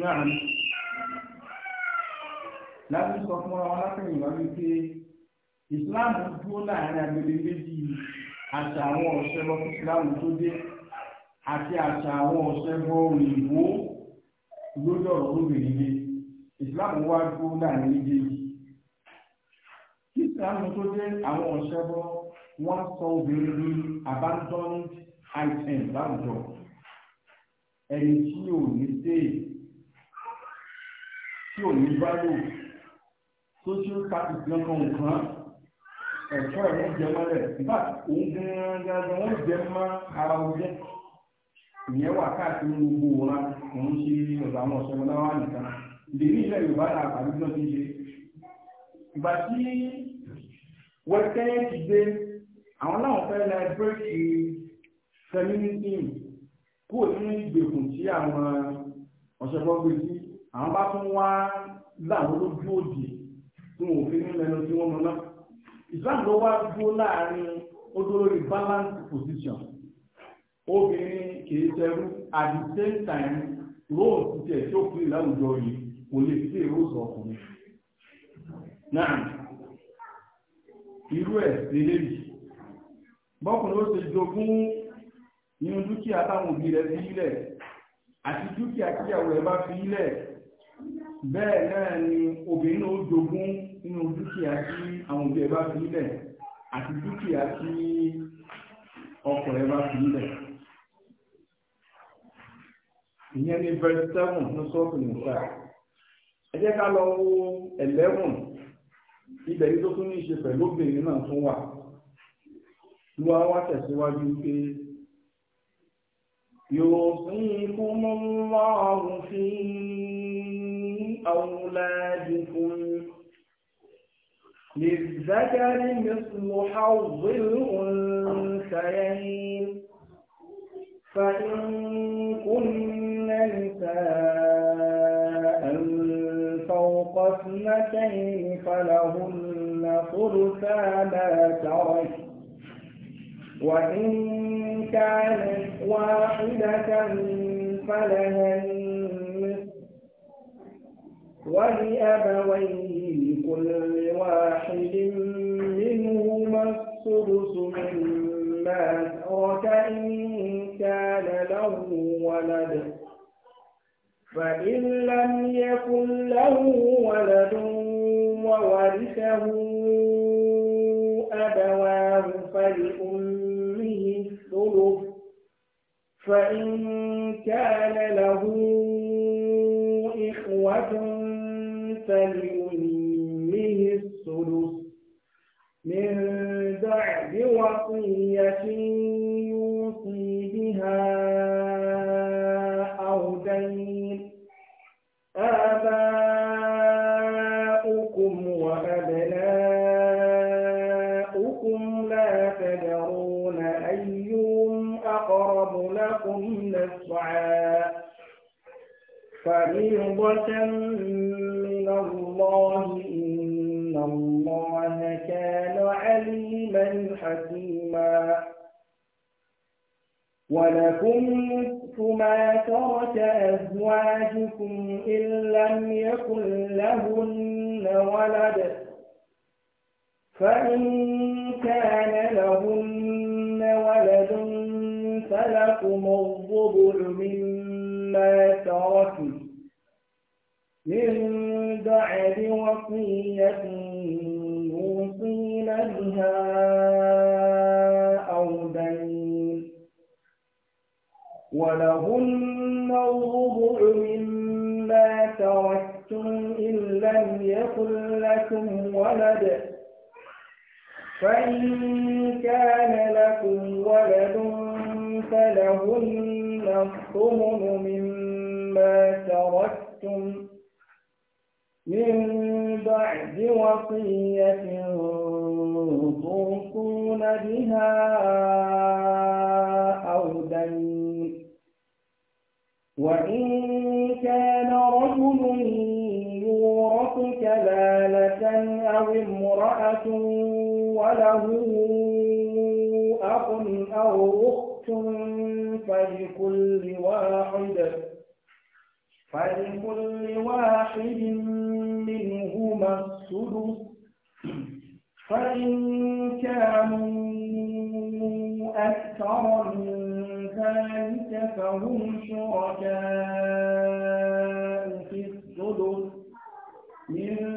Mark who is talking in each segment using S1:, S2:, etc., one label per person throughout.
S1: náà
S2: láti sọ fún ọmọ alákùnrin wá wípé ìsìláàmù dúró láàrin agbègbè méjì àti àwọn ọ̀sẹ̀ lọ́kùn ìsìláàmù tó dé àti àti àwọn ọ̀sẹ̀ bọ́ òyìnbó lórí ọ̀rọ̀ lóbìnrin ni ìsìláàmù wá dúró láàrin méjèèjì kí ìsìláàmù tó dé àwọn ọ̀sẹ̀ bọ́ wọ́n sọ obìnrin ní abandoned item láwùjọ ẹni tí ò ní sèé tí ò ní báyò social status lọ́kàn nǹkan ẹ̀fọ́ ẹ̀ wọ́n jẹ mọ́lẹ̀ nígbà òun gangan wọ́n jẹ mọ́ ara ọjọ́ ìyẹn wà káàkiri gbogbo wọn òun ṣe ọ̀dọ̀ àwọn ọ̀ṣẹ́ ọlọ́wà nìkan lèmi ilẹ̀ Yorùbá náà àbí náà ti ṣe ìgbà tí wẹ́tẹ́ ti gbé àwọn náà fẹ́ lẹ bírèkì feminism kúrò nínú ìgbèkùn tí àwọn ọ̀ṣẹ́ bọ́ gbé sí àwọn bá tún wá láwọn lójú òdì tí wọn ò fi ní lẹ́nu tí wọ́n mọ náà Islam ló wá dúró láàrin ó balance position obìnrin kìí ṣẹrú at the same time róò ti tẹ̀ tí ó fi láwùjọ yìí kò lè sí èrò sọ ọkùnrin náà irú ẹ̀ lélẹ́yìí bọ́kùnrin ó ṣe jogún nínú dúkìá táwọn òbí rẹ̀ fi ilẹ̀ àti dúkìá tíyàwó rẹ̀ bá fi ilẹ̀ bẹ́ẹ̀ náà ni obìnrin náà jogún nínú dúkìá tí àwọn òbí ẹ̀ bá fi nílẹ̀ àti dúkìá tí ọkọ ẹ̀ bá fi nílẹ̀ ìyẹn ní verse seven ní sọ́ọ̀tù nìta ẹ jẹ́ ká lọ wo eleven ibẹ̀ yìí tó tún ní í ṣe pẹ̀lú obìnrin náà tún wà lúwa wá tẹ̀síwájú pé
S1: yóò fún ikú mọ́ wá ọ̀hún fún un. أولادكم للذكر مثل حظ الأنثيين فإن كن نساء فوق اثنتين فلهن ثلثا ما ترك وإن كانت واحدة فلها ولأبويه لكل واحد منهما السدس مما ترك إن كان له ولد فإن لم يكن له ولد وورثه أبواه فلأمه الثلث فإن كان له إخوة فلأمه الثلث من بعد وصية يوصي بها فريضة من الله إن الله كان عليما حكيما ولكم نصف ما ترك أزواجكم إن لم يكن لهن ولد فإن كان لهن ولد فلكم الربع مما مما تركت من بعد وصية يوصين بها أو دين ولهن الربع مما تركتم إن لم يكن لكم ولد فإن كان لكم ولد فلهن الثمن مما تركتم من بعد وصية توصون بها أو دين وإن كان رجل يورث كلالة أو امرأة وله أخ أو أخت فلكل واحد فلكل واحد منهما السدس فإن كانوا أكثر من ذلك فهم شركاء في السدس من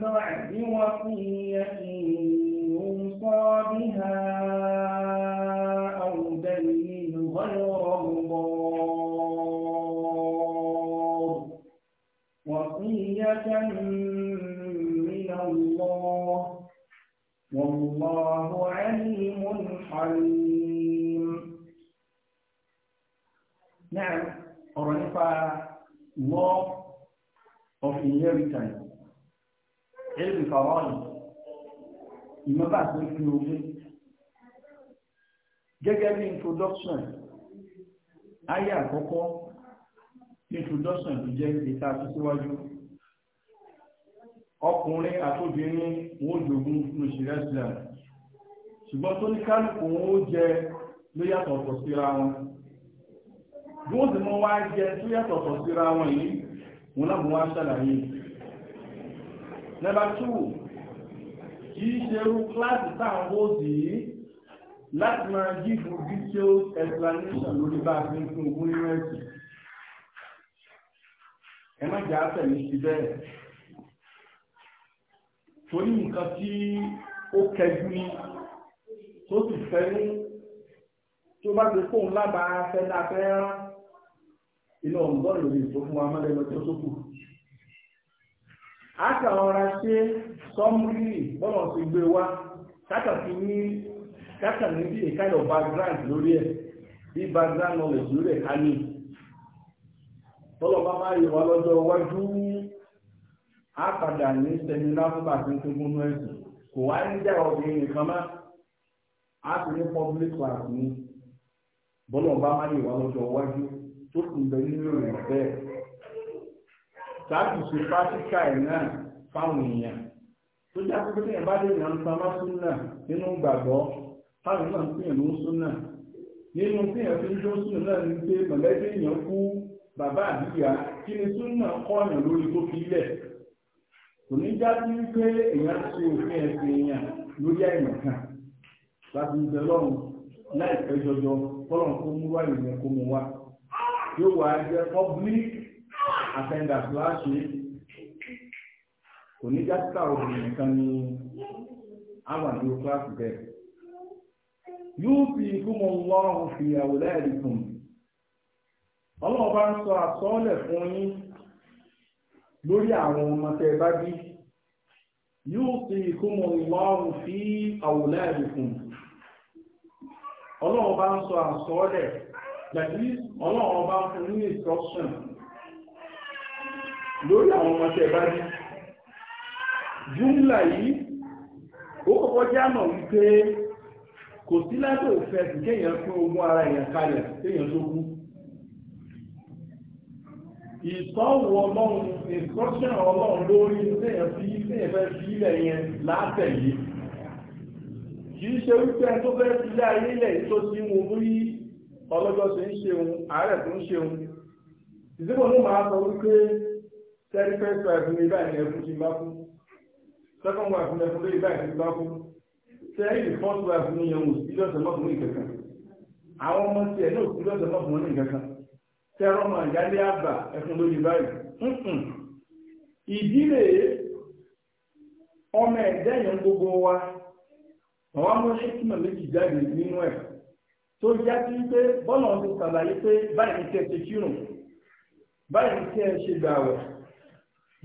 S1: بعد وصية من الله والله عليم حليم نعم أرنفع law of
S2: inheritance ilmi farali ìmọ́bà tó fi omi gẹ́gẹ́ bí introduction ayé àkọ́kọ́ introduction tó jẹ́ ìta tó síwájú ọkùnrin àtòbìnrin wọ́n jogún lóṣìṣẹ́ islam ṣùgbọ́n tó ní kálùkù wọn ó jẹ ló yàtọ̀ ọ̀tọ̀ síra wọn bí wọ́n sì mọ́ wá jẹ tó yàtọ̀ ọ̀tọ̀ síra wọn yìí wọn náà mọ́ wá ṣàlàyé nẹ́bà 2 kìí ṣe irú kíláàsì táwọn bóòsì yìí láti máa jífù detailed explanation lórí bá a fi ń fún ogún nínú ẹ̀sìn ẹ má jẹ́ àtẹ̀lé sí bẹ́ẹ̀ torí nǹkan tí ó kẹjú ní tó sì fẹ́ ní tó bá ti fóun lábàá fẹ́ dá fẹ́ rán iná ọ̀gbọ́n ìròyìn tó fún wa mọ́lẹ́lọ tó tó kù. a kà ọ̀rá ṣe sọ́mùrì bọ́lọ̀ ti gbé wa kákà fi ní kákà ní bí a kind of background lórí ẹ̀ bí background knowledge lórí ẹ̀ ká ní. tọ́lọ̀ bá máa yẹ wa lọ́jọ́ iwájú á padà ní sẹ́mi lábúbà tí kò wá ní jẹ́ ọ̀gbìn nìkan mọ́ á ní public class ní bọ́lọ̀ bá má lè wá lọ́jọ́ iwájú tó kù lọ nílò ṣe náà fáwọn èèyàn tó bá náà nínú ló ń sún náà nínú ń jó sún náà ní pé èèyàn kú bàbá kò ní jáde wípé èèyàn ṣe òfin ẹ̀sìn èèyàn lórí àìmọ̀ kan láti ìbẹ̀ lọ́run láìpẹ́ jọjọ fọ́lọ́n kó mú wá ìrìn kó mú wá yóò wá jẹ́ public attendant láṣẹ kò jáde táwọn obìnrin kan ní àwọn àdúró kíláàsì bẹ́ẹ̀ yóò fi kúmọ lọ́rùn fi àwòlẹ́ẹ̀dì kùn ọlọ́run bá ń sọ àsọ́ọ́lẹ̀ fún yín lórí àwọn ọmọ tẹ bá bí yóò ti ìkómọ ìwárùn fi àwòlá ìfún ọlọ́run bá ń sọ àsọọ́lẹ̀ pẹ̀lú ọlọ́run bá ń fún ní instruction lórí àwọn ọmọ tẹ bá bí júmùlà yìí ó kọ́kọ́ jámọ̀ wípé kò sí lábẹ́ òfin ẹ̀sìn kéèyàn fún ogún ara èèyàn kalẹ̀ kéèyàn tó kú ìtọ́wò ọlọ́run instruction ọlọ́run lórí ilé-ẹ̀fẹ́ ilẹ̀ yẹn látẹ̀lé kìí ṣe wípé tó fẹ́ sílé ayé ilẹ̀ tó ti ń wo ọlọ́jọ́ ṣe ń ṣeun ààrẹ tó ń ṣeun ìdíbò ló máa sọ wípé thirty first wife ní ibà ìlẹ̀ ẹ̀fún ti bá fún second wife ní ẹ̀fún lórí ibà ti bá fún thirty first wife ní ìyẹn òsì lọ́sẹ̀ mọ́kùnrin kankan àwọn ọmọ tiẹ̀ ní òsì lọ́sẹ̀ mọ́kùnrin kankan tẹ́rọmọ ìyálé àbà ẹ̀fún lórí báyìí ìdílé ọmọ ẹ̀dá èèyàn gbogbo wa àwọn amúṣẹ́kìmọ̀ méjì jáde nínú ẹ̀ tó já sí pé bọ́lá ti ṣàlàyé pé báyìí ní kí ẹ ti kírun báyìí ní kí ẹ ṣe gbààwẹ̀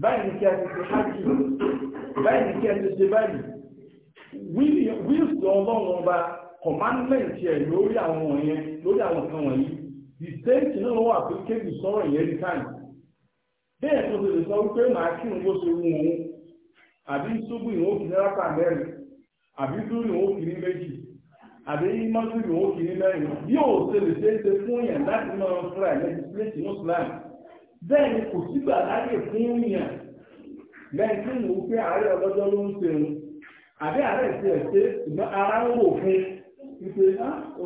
S2: báyìí ní kí ẹ ti ṣe hájì báyìí ní kí ẹ ti ṣe báyìí wíìsì ọlọ́run ọba kọ̀mánmẹ́ǹtì ẹ̀ lórí àwọn wọ̀nyẹn lórí àwọn kan wọ̀nyí ìsẹ́ǹtì náà wà pé kébì sọ̀rọ̀ yẹn ní káyì bẹ́ẹ̀ tó lè sọ wípé màá kí n bó ṣe wù ú àbí ṣubú ìwọ̀n òkì ní rákà mẹ́rin àbí dúró ìwọ̀n òkì ní méjì àbí mọ́tò ìwọ̀n òkì ní mẹ́rin bí ò ṣe lè ṣe é ṣe fún yẹn láti máa fúra ẹ̀ lẹ́tì mùsùlùmí bẹ́ẹ̀ ni kò sígbà láyè fún yẹn lẹ́yìn tí mo fẹ́ àárẹ̀ ọlọ́jọ́ ló ń ṣe ń àbí àárẹ̀ ti ẹ̀ ṣe ìgbà ara ń wò fún ìpè á ah, ó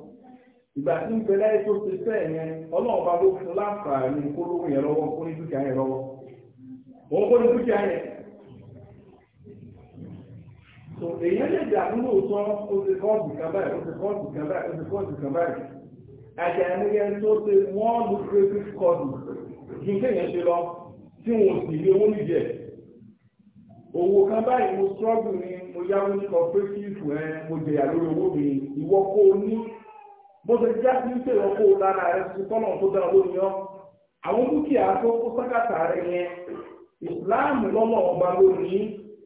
S2: ìgbà tí ń bẹ láyé tó ṣe fẹ́ yẹn ọlọ́run bá ló fún láǹfààní kó yẹn lọ́wọ́ kó ní dúkìá yẹn lọ́wọ́ òun kó ní dúkìá yẹn. so èèyàn lè dà nínú òótọ́ ó ti kọ́ọ̀tù kan báyìí ó ti kọ́ọ̀tù kan báyìí ó lọ tí wọn ò ni mo yáwó ní ẹ mo lórí owó mi kó bó ṣe já sí pé ọkọ lára rẹ ti tọ́nà tó dára lórí yọ àwọn dúkìá tó kó sákàtà rẹ yẹn ìsìláàmù lọ́nà ọba lónìí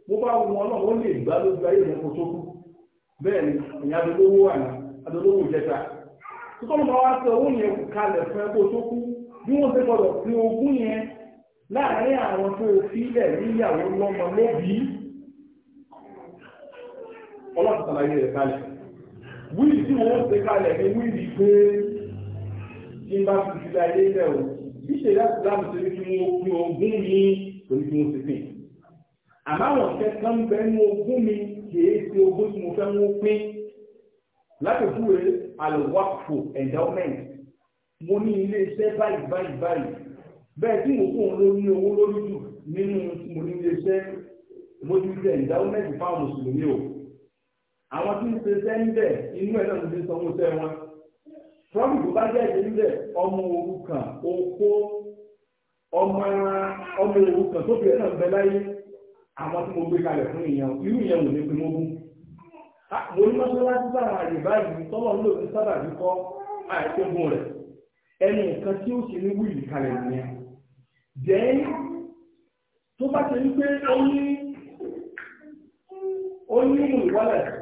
S2: bó bá wọn náà wọ́n lè gbá lójú ayé ìwọ̀n kó tó kú bẹ́ẹ̀ ni ìyá adolówó wà ní adolówó ìjẹta tó tọ́nà bá wá sí owó yẹn kalẹ̀ fún ẹ kó tó kú bí wọ́n ṣe gbọ́dọ̀ fi ogún yẹn láàárín àwọn tó fi ilẹ̀ níyàwó lọ́mọ lóbi ọlọ́run ṣàlàyé rẹ̀ kalẹ̀ wíìlì tí wọ́n ṣe kalẹ̀ ní wíìlì pé kí n bá fi fi láyé lẹ̀ o níṣẹ́ láti láàmù ṣe kí wọ́n pín ogún mi torí kí wọ́n ṣe pín àmọ́ àwọn kẹta ń bẹ ní ogún mi kìí ṣe ogún tí mo fẹ́ wọ́n pín láti fúwe alwakfo endowment mo ní ilé iṣẹ́ báyìí báyìí báyìí bẹ́ẹ̀ tí mo fún ló ní owó lórí jù nínú mo ní ilé iṣẹ́ lójú ilé endowment fáwọn mùsùlùmí o àwọn tí ń ṣe iṣẹ́ níbẹ̀ inú ẹ̀ náà ti sanwó iṣẹ́ wọn trọ́bì tó bá jẹ́ níbẹ̀ ọmọ òrukàn okó ọmọ ọmọ ẹ̀ náà bẹ láyé àwọn tí mo gbé kalẹ̀ fún
S1: ìyẹn irú ìyẹn wò ní pé mo mú
S2: mo ní sára àyè báyìí ń lò ní sábà bí kọ́ rẹ̀ ẹnu nǹkan tí ó ṣe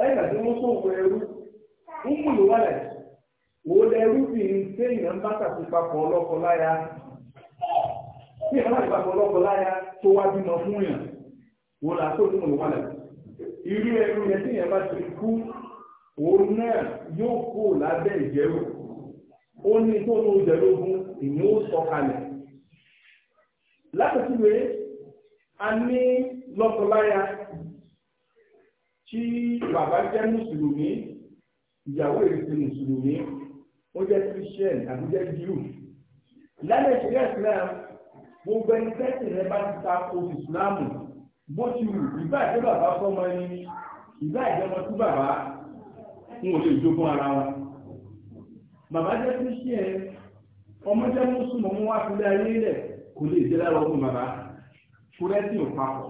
S2: lẹ́yìn àti wọ́n sọ̀wọ́ ẹrú ń kù ní wálẹ̀ wò lẹ́rú bí n téèyàn bá tàbí papọ̀ ọlọ́kọ láya tí ìyá láti papọ̀ ọlọ́kọ láya tó wá bímọ fún yàn wò là tó nínú wálẹ̀ irú ẹrú yẹn téèyàn bá ti kú òun náà yóò kó lábẹ́ ìjẹ́rù ó ní tó ní ìjẹ́lógún ìyẹn ó sọ kalẹ̀ látàtúwèé a ní lọ́kọ láya tí bàbá jẹ́ mùsùlùmí ìyàwó èsì mùsùlùmí ó jẹ́ christian àbí jẹ́ jew lálẹ́ ìṣẹ̀lẹ̀ islam gbogbo ẹni tẹ́sí rẹ bá ti ta ko ìsìláàmù bó ti wù ìgbà ìjẹ́ bàbá fọ́mọ ẹni ìgbà ìjẹ́ ọmọ sí bàbá ń wò lè jogún ara wọn bàbá jẹ́ christian ọmọ jẹ́ mùsùlùmí wọn wá sílẹ̀ ayé rẹ̀ kò lè jẹ́ lára ọdún bàbá kúrẹ́sì ò papọ̀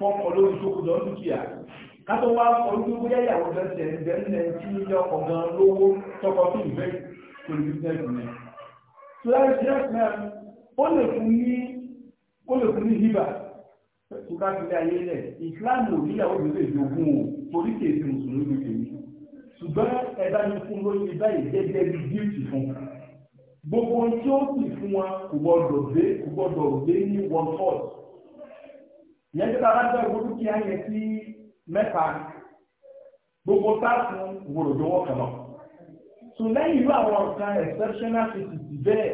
S2: fọ́kọ lórí tó kù lọ dúkìá kátó wá kọ ní owó yáyà wọ́n fẹ́ tẹ̀ ẹ̀ ẹ̀ tí ní ọkọ̀ gan lówó tọkọ tó ìfẹ́ tó ní bísíǹsì ni. tó láti ṣe ẹ̀sìn ó lè fún ní ó lè fún ní hibà tó bá fi lé ayé lẹ̀ ìsìláàmù ò níyàwó mi lè jogún o torí kèsì mùsùlùmí ló tèmi ṣùgbọ́n ẹ̀dá mi fún lóyún ibà ìdẹ́gbẹ́ bí gíìtì fún gbogbo tí ó sì fún wa kò gbọdọ̀ gbé kò gbọdọ̀ gbé ní one fourth ìyẹn tó bá dọ̀ ìwọ dúkìá yẹn sí mẹ́ta gbogbo táàkù wòlòdó wọ́n kàn lọ. tó lẹ́yìn ìlú àwọn nǹkan exceptional cases bẹ́ẹ̀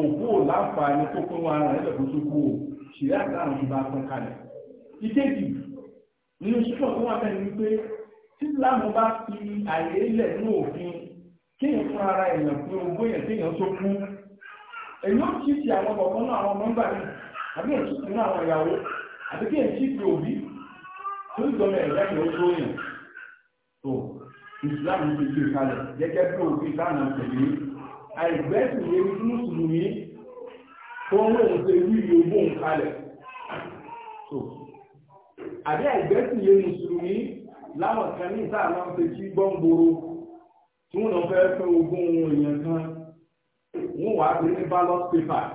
S2: òkú ò láǹfààní tó pín wọn ara rẹ̀ lẹ́gbẹ̀ẹ́ tó kú o ṣìlẹ̀ àti àrùn tó bá pín kalẹ̀. ìkéjì nínú ṣíṣọ́ tó wà fẹ́ni wípé tí láàmú bá fi àyè lẹ̀ nínú òfin kéèyàn fún ara èèyàn pé ogún èèyàn kéèyàn tó kú èèyàn kìí ti àwọn ọmọ náà àwọn ọmọ ń gbà náà àbí ẹ̀sùn nínú àwọn ìyàwó àbí kí ẹ̀sùn ti òbí tó ń gbọ́mọ ẹ̀dá ìwé tó yàn tó Islam ti fi kalẹ̀ gẹ́gẹ́ bí òbí sáànà tẹ̀lé àìgbẹ́sùn yẹn mùsùlùmí tó ń lòun ṣe wí yòóbó ń kalẹ̀ tó àbí àìgbẹ́sùn yẹn mùsùlùmí láwọn kan ní sáànà ti fi gbọ́ngboro tí wọ́n lọ fẹ́ fẹ́ ogún èèyàn kan wọ́n wàá fi ní ballot paper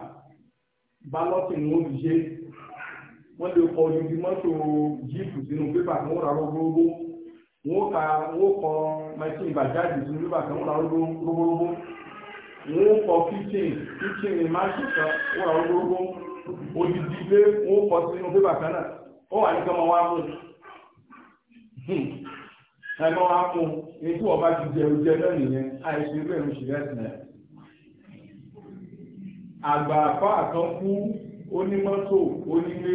S2: bálọ́tì ni wọ́n fi ṣe wọ́n lè kọ ojú mọ́tò jíìpù sínú pépà kan wọ́n rà rọ́gbọ́rọ́gbọ́ wọ́n ka wọ́n kọ mẹ́tìn ìbàjáde sínú pépà kan wọ́n rà rọ́gbọ́rọ́gbọ́ wọ́n kọ kíchìn kíchìn máṣe kan wọ́n rà rọ́gbọ́rọ́gbọ́ odidi pé wọ́n kọ sínú pépà kan náà ó wà ní kọ́mọ wa mú hmm. ẹ̀mọ́ wa mú ètò ọba ti jẹ ojú ẹ lọ́nìyẹn àìsí irú ẹ̀rù ṣìlẹ̀ ẹ̀sìn náà. àgbààfà kan kú onímọ́tò onílé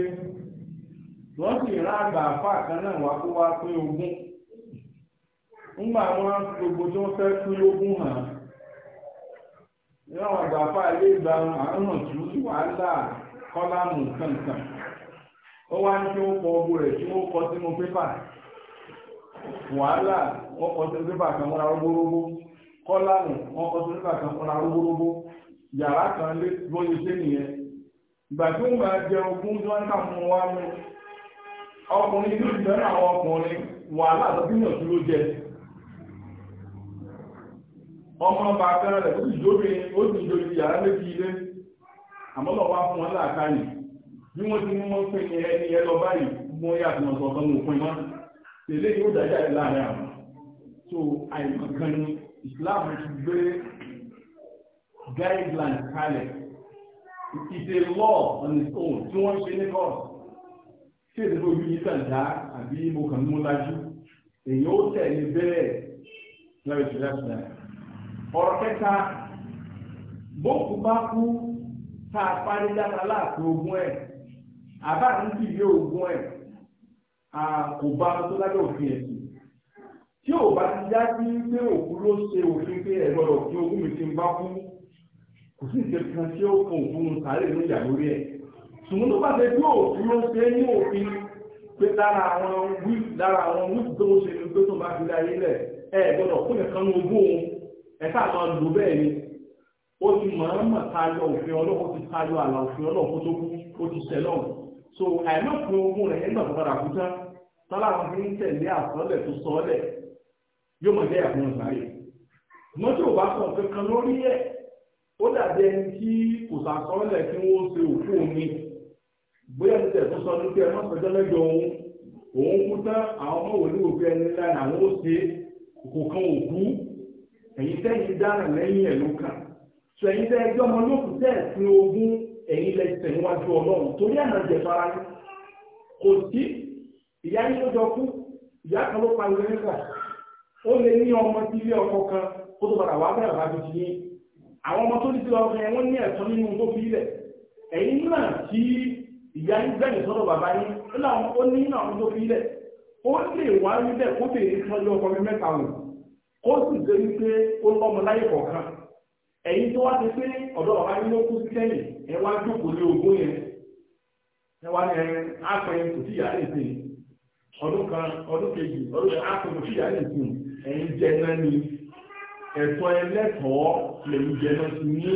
S2: wọ́n sì rán àgbààfà kan náà wá kó wá pé ogún ńgbà wọn gbogbo tí wọ́n fẹ́ pín ogún hàn níwọ̀n àgbààfà ilé ìgbà àrùn tù sí wàhálà kọ́lámù kankan ó wá ní kí wọ́n kọ ogun rẹ̀ tí wọ́n kọ sínú pépà wàhálà wọ́n kọ sínú pépà kan mọ́ra rógbórógbó kọ́lámù wọ́n kọ sínú pépà kan mọ́ra rógbórógbó. yàrá kan lé bóyá ṣé nìyẹn ìgbà tó ń bá jẹ ogún tí wọ́n kà mú wa mú ọkùnrin tó ti fẹ́ràn àwọn ọkùnrin wàhálà tó bí yàn tó ló jẹ ọmọ ọba akẹ́rẹ́ rẹ̀ ó sì dóbi ó sì dóbi yàrá méjì ilé àmọ́ lọ wá fún wọn láàkáyì bí wọ́n ti mú wọn pé ní ẹni ẹ lọ báyìí mú yà tó wọn mú pin wọn tẹ̀lé yóò dájà ẹ̀ láàrin àwọn so àìmọ̀kan ni Islam ti gbé guideline kalẹ̀ it's a law on its own tí wọ́n ṣe ní kọ́ọ̀sì ṣé ìdílé ojú yìí tàn dá àbí mo kàn mú lájú èyí ó tẹ̀lé bẹ́ẹ̀ lọ́wọ́ ìṣẹ̀lẹ̀ ṣẹlẹ̀ ọ̀rọ̀ kẹta bókù bá kú tá a parí dáta láàpẹ ogún ẹ̀ àbá ń bì lé ogún ẹ̀ kò bá tó lábẹ́ òfin ẹ̀sìn tí ò bá ti dá sí pé òkú ló ṣe òfin pé ẹ̀ gbọ́dọ̀ kí mi ti ń bá kú kò sí ìṣẹ́ kan tí ó kàn òfin sàárè ní ìyà lórí ẹ̀ ṣùgbọ́n tó bá ṣe bí òfin ló ṣe ní òfin pé lára àwọn wí lára àwọn wí tó ṣe ní pé tó bá fi láyé lẹ̀ ẹ gbọ́dọ̀ fún nìkan ní ogún òun ẹ sáà máa lò bẹ́ẹ̀ ni ó ti mọ̀ọ́mọ̀ tayọ òfin ọlọ́run ti tayọ àlà òfin ọlọ́run tó kú ó ti ṣẹ lọ́run so àìmọ̀kùn ogún rẹ̀ nígbà tó padà kú tán tọ́lá wọn fi ń tẹ̀lé àsọ́lẹ̀ tó sọ́ọ́lẹ̀ yóò mọ̀ jẹ́ ẹ̀kún ìgbà yìí mọ́tò bá sọ nǹkan lórí ẹ̀ ó dàbí ẹni tí kò sàkọọ́lẹ̀ kí wọ́n ṣe òkú mi bóyá ti tẹ̀sán sọ ní pé ẹ má sọjọ́ lẹ́jọ́ òun òun kú tán àwọn ọmọ wòlíì ẹni lára àwọn ó ṣe kò kan òkú ẹ̀yin tẹ́yìn dára lẹ́yìn ẹ̀ ló kàn sọ ẹ̀yin tẹ́ ẹjọ́ ọmọ yóò fún tẹ́ẹ̀sìn ogún ẹ̀yin ọlọ́run torí àná kò sí ìyá yín ló jọ kú ìyá kan ló pa ó ní ọmọ tí ilé àwọn ọmọ tó ní sílọ ọkùnrin wọ́n ní ẹ̀tọ́ nínú tó fi ilẹ̀ ẹ̀yìn náà tí ìyá ń gbẹ̀yìn sọ́dọ̀ bàbá yín ó ní nínú àwọn tó fi ilẹ̀ ó lè wá níbẹ̀ kó lè tọ́jú ọkọ mi mẹ́ta wò kó sì ṣe wípé ó lọ́mọ láyé kọ̀ọ̀kan ẹ̀yìn tó wá ti pé ọ̀dọ̀ bàbá yín ló kú sí sẹ́yìn ẹ wá jókòó lé ogún yẹn ẹ wá ní ápẹ́yìn kò tíyà lè sè ọdún kan ọdún kejì ọdún kan ápẹ́yìn kò tíyà lè sè ẹ̀yìn jẹ náà ni ẹ̀tọ́ ẹlẹ́tọ̀ọ́ lẹ́yìn jẹ́nà ti ní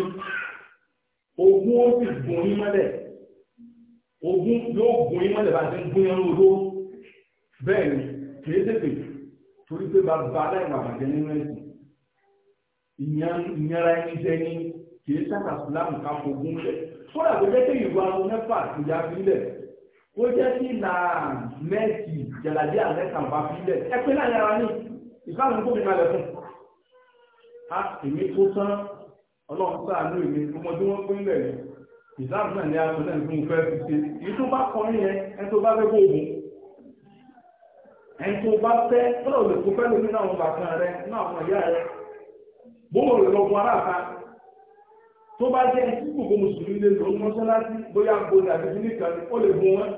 S2: ogún ó sì gun yín mọ́lẹ̀ ogún yóò gun yín mọ́lẹ̀ bá ti ń gún yín lóró bẹ́ẹ̀ ni kìí tètè torí pé bàbá aláìmọ̀ àbàjẹ́ nínú ẹ̀sìn ìyára ẹni jẹ́ ní kìí sábà sílámù ká fogún lẹ̀ fúnra tó jẹ́ pé ìwà ọmọ mẹ́fà àtúnyà sílẹ̀ ó jẹ́ sí ìlà mẹ́ẹ̀kì jàlàjẹ́ àlẹ́kàmbá sílẹ̀ ẹ pé láyé ara ní ìfáàmù kò ní kalẹ̀ fún á èmi tó tán ọlọ́run sáànú èmi ọmọdé wọn pín lẹ̀ ìsáàmù náà ní aṣọ náà fún ìfẹ́ fi ṣe èyí tó bá kọ yẹn ẹni tó bá fẹ́ kó ogun ẹni tó bá fẹ́ tọ́lọ̀ lè kó fẹ́ lómi náà wọn bàtàn rẹ náà wọn ìyá rẹ bóun rẹ lọ gun aráàta tó bá jẹ́ tí gbogbo mùsùlùmí lè lò ó mọ́ṣáláṣí bóyá gbòdì àti bí nìkan ó lè gun wọn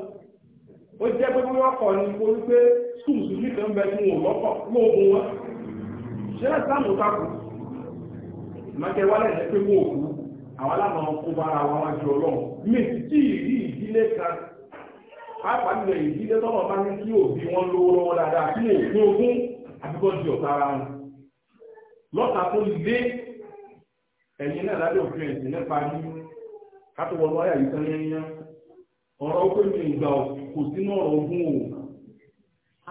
S2: ó jẹ́ pé bí wọ́n kọ̀ ní orí pé skul mùsùlùmí kan bẹ tí wọn ò lọ́kọ̀ lóògùn wọn ṣé ẹ̀sán mú takùn ìmọ̀kẹ́ wálẹ̀ jẹ́ pé wọ́n òkú àwọn aláàmọ̀ kó bára wọn wájú ọlọ́run mi tí ìrí ìdílé kan àpàdé ìdílé tọ́lọ̀ bá ní kí òbí wọn lówó lọ́wọ́ dáadáa kí wọ́n òkú ogún àbíkọ́ di ọ̀tá ara wọn lọ́ta tó lé yìí tán yẹn ọ̀rọ̀ pé mi ìgbà kò sínú ọ̀rọ̀ ogún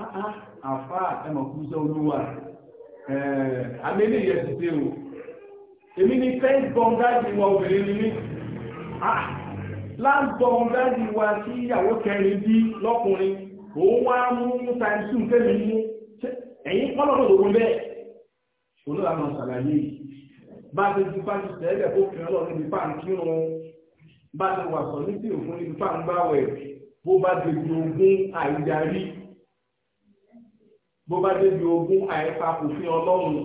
S2: o àfáà ẹmọ̀ kú sẹ́ olúwa ẹ̀ẹ́ amẹ́lẹ́yẹ ti dé o èmi ni first born dáàdì wa obìnrin ni mí ah, last born dáàdì wa tí ìyàwó kẹrin bí lọ́kùnrin òun wá mú times two tẹ́lẹ̀ mú ẹ̀yìn pọ́nlọ́dọ̀ tó kún bẹ́ẹ̀ olóòrà máa ṣàlàyé bá a ti di bá ti tẹ́lẹ̀ tó fi ọlọ́run níbi bá ń kírun bá a ti wà sọ ní tí òfin níbi bá ń gbáwẹ̀ bó bá débi ogún àìdarí bó bá débi ogún àìpa òfin ọlọ́run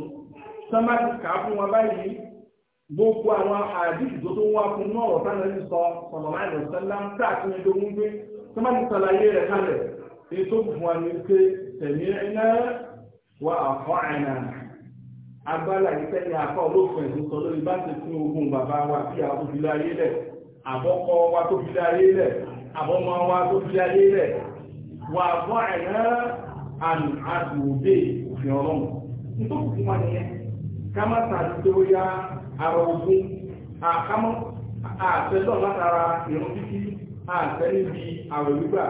S2: sọ́mátì kà fún wọn báyìí gbogbo àwọn àdìsí tó tó wá fún náà ọ̀tá náà ti sọ sọ̀rọ̀lá ìrọ̀sẹ́lá ń tà kí ẹjọ́ ń gbé tó má ti sàlàyé rẹ̀ kalẹ̀ èyí tó fún wa ní pé tẹ̀mí iná wa àfọ́ àìnà agbára ìfẹ́ ní afọ́ olófin ẹ̀sìn sọ lórí bá ti fún ogún bàbá wa bí a tó lẹ̀ àbọ́kọ wa tó fi láyé lẹ̀ àbọ́mọ wa tó fi láyé lẹ̀ wa àfọ́ àìnà àmì àdùnúdé òfin ọlọ́run nítorí fún wa nìyẹn ká má tàbí yá ara ogun àkámọ́ àtẹ́lọ́ látara ìrún títí àtẹ́ níbi àwẹ̀ gbígbà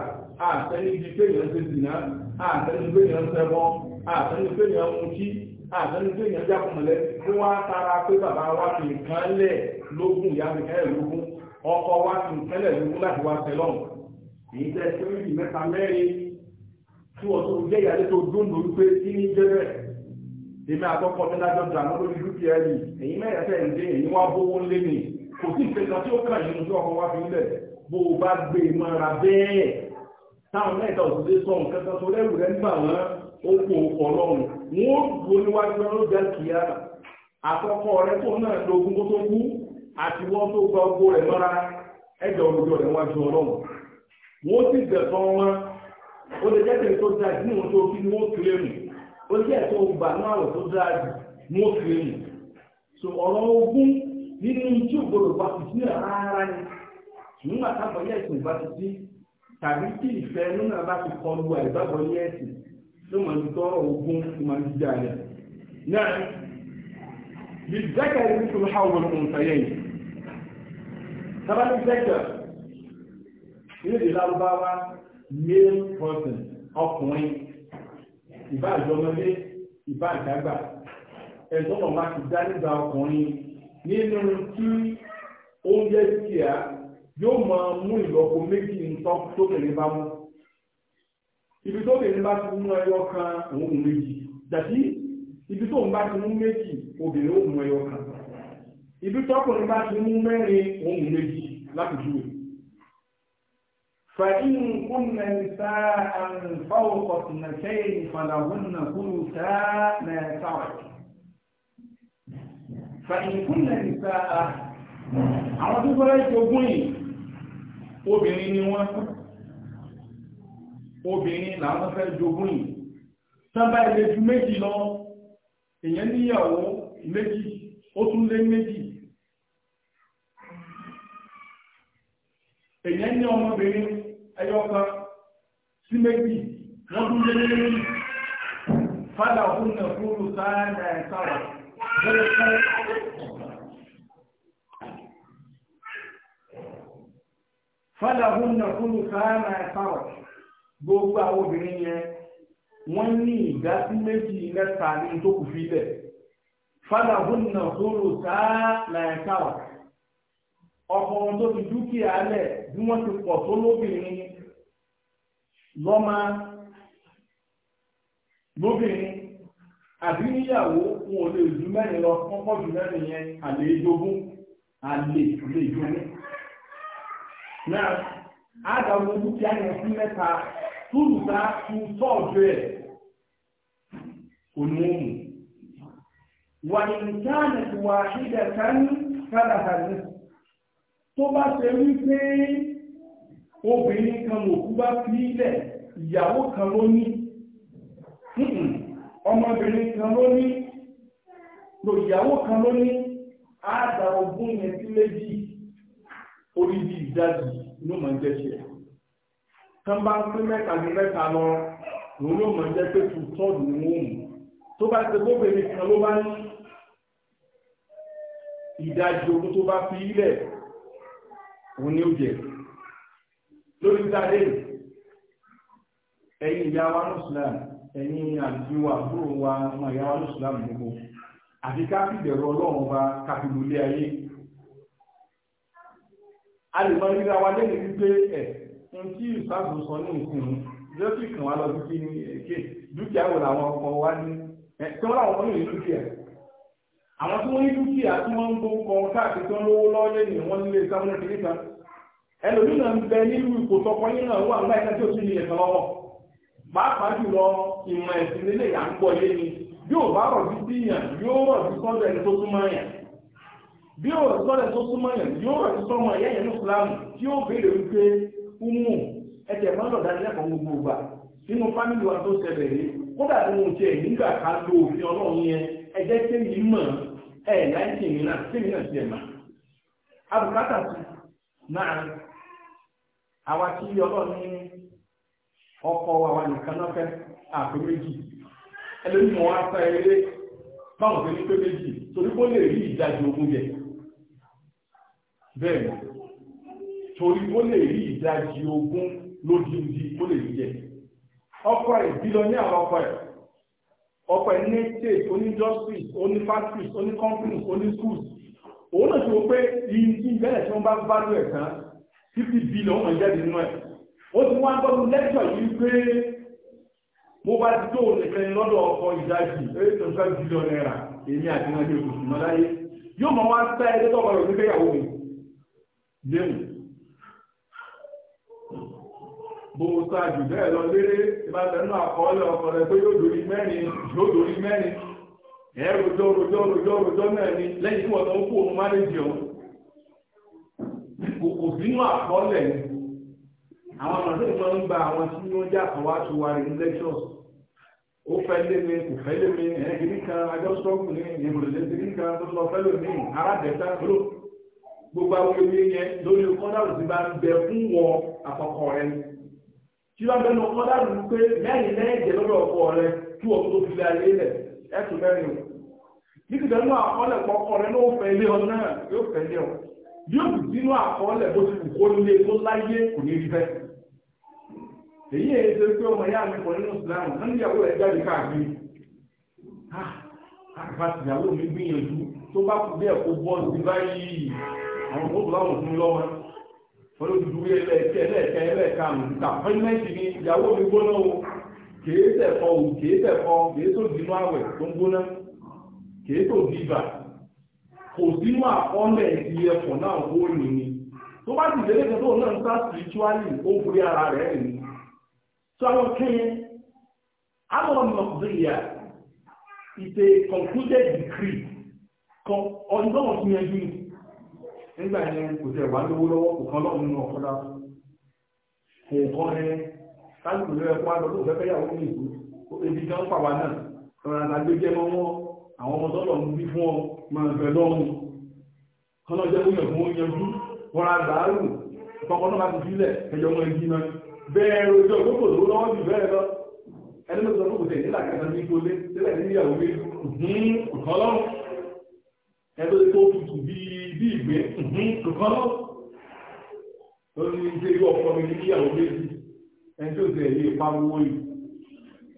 S2: àtẹ́ níbi péyàn ṣe dìná àtẹ́ níbi péyàn ṣẹbọn àtẹ́ níbi péyàn mutí àtẹ́ níbi péyàn jákùnmọ̀lẹ́ tí wọ́n á tara pé bàbá wa fi nǹkan lẹ̀ èmi àkọ́kọ́ tó dájọ́ dànù lórí dúkìá yìí èyí mẹ́rẹ̀ẹ́fẹ́ ń dé èyí wá bówó lé ní kò sí ìfẹ́sàn tí ó kàn yìí lójú ọkọ̀ wá fi ń lẹ̀ bó o bá gbé e mọ́ra bẹ́ẹ̀ táwọn mẹ́ta òṣìṣẹ́ sọ nǹkan kan tó lẹ́rù rẹ̀ nígbà wọn ó kò ọlọ́run wọn ó dúró níwájú ọlọ́jà kìíyà àkọ́kọ́ rẹ tó náà lógún kó tó kú àti wọn tó gba ogbó rẹ̀ mọ́ra ẹjọ́ òjò rẹ̀ wájú ọlọ́run wọn ó sì gbẹ̀sán wọn ó lè jẹ́ tèmi tó da ìdí ó jẹ́ ẹ̀tọ́ ògbà náà rẹ̀ tó dáa jù ní ó fi rìn so ọ̀rọ̀ ogún nínú tí ògbòrò bá ti sí ara ni nígbà tábọ̀ yẹ́ ẹ̀sìn bá ti sí tàbí tí ìfẹ́ nínú bá ti kọ lu àìbábọ̀ yẹ́ ẹ̀sìn ló máa ń tọrọ ogún tó máa ń jíjà rẹ̀ náà lè dákẹ́ ẹni tó ha wọn ohun tàyẹ̀ yìí tábàlì dákẹ́ ilé ìlàlúbáwá male person ọkùnrin ìbá àjọmọdé ìbá àjágbà ẹ̀tọ́nà máa ti dá nígbà ọkùnrin nínú tí oúnjẹ títíà yóò máa mú ìlọ́po méjì nǹkan tóbìnrin bá mú ibi tóbìnrin bá ti mú ẹyọ kan òun mú méjì dàbí ibi tóun bá ti mú méjì obìnrin ó mú ẹyọ kan ibi tọkùnrin bá ti mú mẹ́rin òun mú méjì lápèjúwe فإن كن نساء فوق اثنتين فلهن ثلثا ما ترك فإن كن نساء àwọn tó fẹ́rẹ́ jogún yìí obìnrin ni wọ́n obìnrin làwọn fẹ́ jogún yìí sábà ilé ju méjì lọ èèyàn níyàwó méjì ó tún lé méjì èèyàn ní ọmọbìnrin ẹyọkan sí méjì wọ́n tún lé ní hụrụ fádà fún nà fún olùsáàdà ẹ̀sáwà lórí na fádà fún na fún gbogbo awo obìnrin yẹn wọ́n ní ìgbà sí méjì mẹ́ta ní tó kù fi bẹ̀ na fún nà fún olùsáàdà ẹ̀sáwà ọkọ̀ bí wọ́n ti pọ̀ tó lóbìnrin lọ́mọ lóbìnrin àbí níyàwó wọn ò lè ju mẹ́rin lọ kọ́kọ́ jù mẹ́rin yẹn àlè ìjogún àlè ìlè ìjogún. náà àdàwọn olùkíá yẹn sí mẹ́ta túlùdá tún tọ́ọ̀jú ẹ̀ kò ní òmù. wà ní ìjáàmù wàhídẹ̀ kan fẹ́ràn tó bá ṣe rí pé obìnrin kan òkú bá fi ilẹ̀ ìyàwó kan ló ní ọmọbìnrin kan ló ní lò ìyàwó kan ló ní àádà ogún yẹn sí méjì orí bí ìdájì ló mọ̀ jẹ́ ṣe kan bá ń pín mẹ́ta ní mẹ́ta lọ lòun ló mọ̀ jẹ́ pé tù tọ́ọ̀dù ni wọ́n tó bá ṣe gbóbìnrin kan ló bá ní ìdájì ogún tó bá fi ilẹ̀ òun ni ó jẹ lórí dáadé ẹ̀yin ìyá wa lọ́sùlám ẹ̀yin àti wa àbúrò wa ọmọ ìyá wa lọ́sùlám gbogbo àti ká fi bẹ̀rù ọlọ́run wa káfíńdò lé ayé a lè mọ ríra wa lẹ́nu wípé ẹ̀ ohun tí ìsáàbù sọ ní ìsìn lọ́sì kan wa lọ sí kí ni èké dúkìá wò làwọn ọkọ̀ wa ní ẹ̀ tí wọ́n láwọn ọmọ yìí dúkìá àwọn tí wọ́n ní dúkìá tí wọ́n ń gbówó kan káàkiri tó ń lówó lọ́ọ́lẹ́ ni wọ́n nílé sáwọn kìíní kan ẹlòmínà ń bẹ nínú ipò tọkọ yín náà wà láìka tí ó sì ní ẹ̀sán lọ́wọ́ pàápàá jùlọ ìmọ̀ ẹ̀sìn nílé yà ń gbọ́ yé ni bí ò bá rọ̀ sí sí yóò rọ̀ sí sọ́dọ̀ ẹni tó súnmọ́ bí rọ̀ sí sọ́dọ̀ ẹni tó súnmọ́ yóò rọ̀ sí sọ́mọ yẹn ní fúlàmù tí ó béèrè wípé umu ẹ̀jẹ̀ máa ń lọ gbogbo gbà nínú fámìlì wa tó ṣẹlẹ̀ yìí kódà ẹjẹ́ tí èyí mọ̀ ẹ̀ láìsí èmi náà tí èmi náà ti ẹ̀ mà abùkátà sí náà àwa tí ọlọ́run ní ọkọ̀ àwa nìkan náà fẹ́ àpé méjì ẹlẹ́yìn wọn á sá eré báwọn fẹ́ ní pé méjì torí kó lè rí ìdajì ogún jẹ bẹ́ẹ̀ torí kó lè rí ìdajì ogún lódìndí kó lè rí jẹ ọkọ rẹ̀ bí lọ ní àwọn ọkọ rẹ̀ ọkọ̀ ẹ̀ ní state oní industries oní factories oní companies oní schools òun náà ti wo pé iye tí ìbẹ̀rẹ̀ tí wọ́n bá value ẹ̀ tán fifty billion ọ̀nà jáde nínú ẹ̀ ó ti wá gbọ́dọ̀ lẹ́tọ̀ yìí pé mo bá ti tó nìkan lọ́dọ̀ ọkọ̀ ìdájì eight point five billion naira èmi àti wọn ní oṣù mọ́láyé yóò mọ̀ wá sá ẹgbẹ́ tó ọ̀pọ̀lọpọ̀ nígbẹ́yàwó mi léwu bó sa jù bẹ́ẹ̀ lọ léré ìbátanú àkọọ́lẹ̀ ọkọ̀ pé yóò dorí mẹ́rin yóò dorí mẹ́rin ẹ̀ rojọ́ rojọ́ rojọ́ rojọ́ náà ni lẹ́yìn tí wọ́n ń kó kò sínú àkọọ́lẹ̀ ni àwọn tó ń gba àwọn tí wọ́n rí ní ó fẹ́ lé mi kò fẹ́ gbogbo yẹn lórí bá ń tí wọ́n bẹnu ọkọ láti wù pé mẹ́rin lẹ́yìn jẹ́ lọ́dọ̀ ọkọ rẹ kí wọ́n tó fi lé ayé rẹ̀ ẹ̀tù mẹ́rin o nígbà nínú àkọọ́lẹ̀ pọ̀ ọkọ rẹ ló fẹ́ ilé ọ náà yóò fẹ́ ilé ọ bí ó sì sínú àkọọ́lẹ̀ bó ti wù kó lé tó láyé kò ní rí bẹ́ẹ̀ èyí èyí ṣe pé ọmọ ìyá mi kọ̀ nínú Islam wọ́n ní ìyàwó rẹ̀ jáde káàkiri ah, àgbà ìyàwó mi gbìyànjú tó bá kú bí ẹ̀kọ́ bọ́ọ̀lù báyìí àwọn ọmọ òbúláwọ̀ olódùdúwé ẹlẹ́ẹ̀kẹ́ ẹlẹ́ẹ̀kẹ́ ẹlẹ́ẹ̀kanù tàpẹ́mẹ́tì ni ìyàwó mi gbóná o kèé tẹ̀kọ́ o kèé tẹ̀kọ́ kèé tó dínú àwẹ̀ tó ń gbóná kèé tó dìbà kò sínú àkọọ́lẹ̀ ti ẹ̀fọ̀ náà ó rìn ni tó bá ti délé kan tó náà ń sá spiritually ó borí ara rẹ̀ rìn ni so àwọn kẹ́yìn àwọn mọ̀kùnrin is a concluded decree kan ọdún tó wọ́n ti yanjú ni nígbà yẹn kò tẹ̀ wá lówó lọ́wọ́ kò kán lọ́wọ́ nínú ọ̀kọ́dá kò kán ẹ káàkiri ló yẹ kó tó fẹ́fẹ́ yàwó ní ìlú ebi kan pàwà náà ọ̀rọ̀ àtàgbé jẹ́ mọ́ wọn àwọn ọmọ tọ́lọ̀ ń bí fún ọ máa bẹ̀ lọ́rùn kán lọ́jọ́ ó fún ó yanjú wọn àgbàárù ìfọkàn náà láti sílẹ̀ ẹjọ́ wọn ẹjí náà bẹ́ẹ̀ rojọ́ gbogbo lówó lọ́wọ́ jù bẹ́ẹ̀ lọ ẹni ló sọ fún kò nílà kẹta ibi ìgbé nǹkan lọ. ó ní ṣe irú ọkọ mi ní ìyàwó méjì ẹni ṣe ẹ̀yẹ ìpariwo yìí